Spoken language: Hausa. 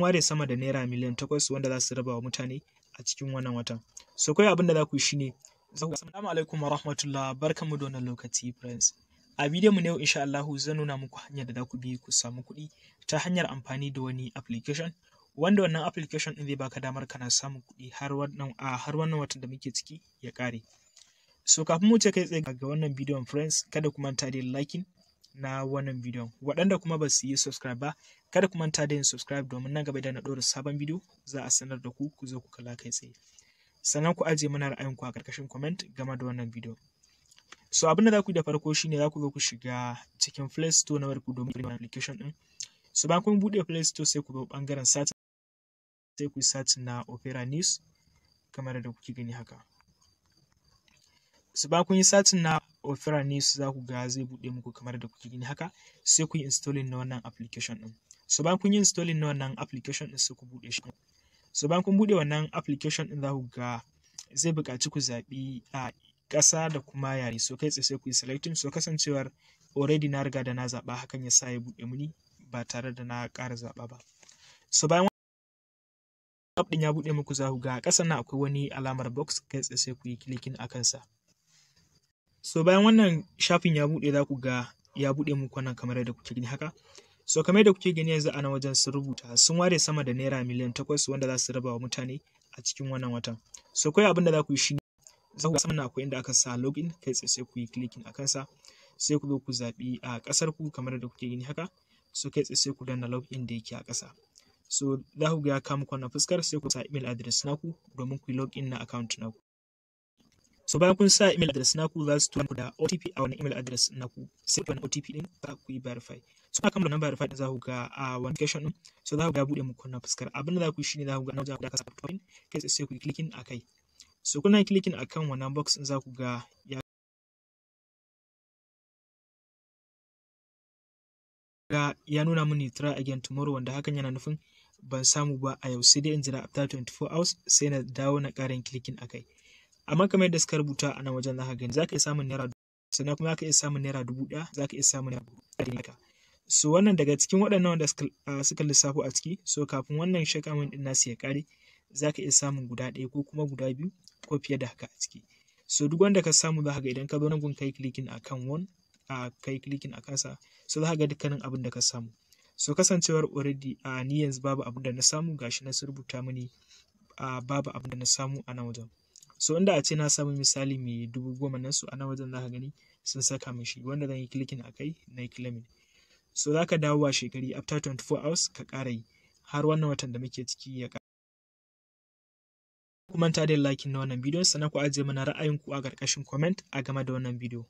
sun ware sama da naira miliyan takwas wanda za su raba wa mutane a cikin wannan watan so kawai abin da za ku yi shine assalamu alaikum wa rahmatullah mu da wannan lokaci friends a bidiyon mu na yau insha Allah zan nuna muku hanyar da za ku bi ku samu kuɗi ta hanyar amfani da wani application wanda wannan application din zai baka damar kana samun kuɗi har wannan a har wannan watan da muke ciki ya kare. so kafin mu ce kai tsaye ga wannan bidiyon friends kada ku manta da liking na wannan bidiyon waɗanda kuma ba su yi subscribe ba kada ku manta da yin subscribe domin nan gaba idan na ɗora sabon bidiyo za a sanar da ku ku zo ku kalla kai tsaye sannan ku ajiye mana ra'ayinku a ƙarƙashin comment game da wannan bidiyo so abin da za ku yi da farko shine za ku zo ku shiga cikin play store na warku domin yin application din so bayan kun buɗe play store sai ku zo ɓangaren search sai ku yi search na opera news kamar da kuke gani haka su ba kun yi satin na opera ne za ku ga zai buɗe muku kamar da kuke gani haka sai ku yi installing na wannan application ɗin so bayan kun yi installing na wannan application ɗin sai ku buɗe shi so bayan kun buɗe wannan application ɗin za ku ga zai buƙaci ku zaɓi a ƙasa da kuma yare so kai tsaye sai ku yi selecting so kasancewar already na riga da na zaɓa hakan ya sa ya buɗe muni, ba tare da na ƙara zaɓa ba so bayan app ɗin ya buɗe muku za ku ga ƙasa na akwai wani alamar box kai tsaye sai ku yi clicking a kansa So bayan wannan shafin ya buɗe za ku ga ya buɗe muku wannan kamar yadda kuke gani haka. So kamar yadda kuke gani yanzu a nan wajen sun rubuta sun ware sama da naira miliyan takwas wanda za su raba wa mutane a cikin wannan watan. So kawai abin da za ku yi shi za ku saman akwai inda aka sa login kai tsaye sai ku yi clicking a kansa sai ku zo ku zaɓi a ƙasar ku kamar yadda kuke gani haka. So kai tsaye sai ku danna login da yake a kasa So za ku ga ya kama wannan fuskar sai ku sa email address naku domin ku yi login na account naku. So bayan kun sa email address naku za su tura ku da OTP a wani email address naku sai wani OTP din za ku yi verify. So kuma kamar nan verify din za ku ga a wani location din so za ku ga bude muku na fuskar abin da za ku yi shine za ku ga na ku da ka sa pin kai sai ku yi clicking akai. So kuna clicking akan wannan box za ku ga ya ga ya nuna mini try again tomorrow wanda hakan yana nufin ban samu ba a yau sai dai in jira after 24 hours sai na dawo na ƙarin clicking akai. amma kamar yadda suka rubuta a nan wajen zaka gani zaka iya samun naira sannan kuma zaka iya samun naira dubu ɗaya zaka iya samun naira dubu so wannan daga cikin waɗannan wanda suka lissafo a ciki so kafin wannan wani ɗin nasu ya ƙare zaka iya samun guda ɗaya ko kuma guda biyu ko fiye da haka a ciki so duk wanda ka samu zaka ga idan ka zo nan gun kai clicking akan one a kai clicking akan sa so zaka ga dukkanin abin da ka samu so kasancewar already a ni yanzu babu abin da na samu gashi na rubuta mini a babu abin da na samu a nan wajen so inda a ce na samu misali mai dubu goma nan su ana wajen zaka gani sun saka mishi wanda zan yi clicking akai na yi claiming so zaka dawo wa shekari after 24 hours ka ƙara yi har wannan watan da muke ciki ya kuma ta da likin na wannan bidiyon sannan ku ajiye mana ra'ayinku a ƙarƙashin comment a game da wannan bidiyo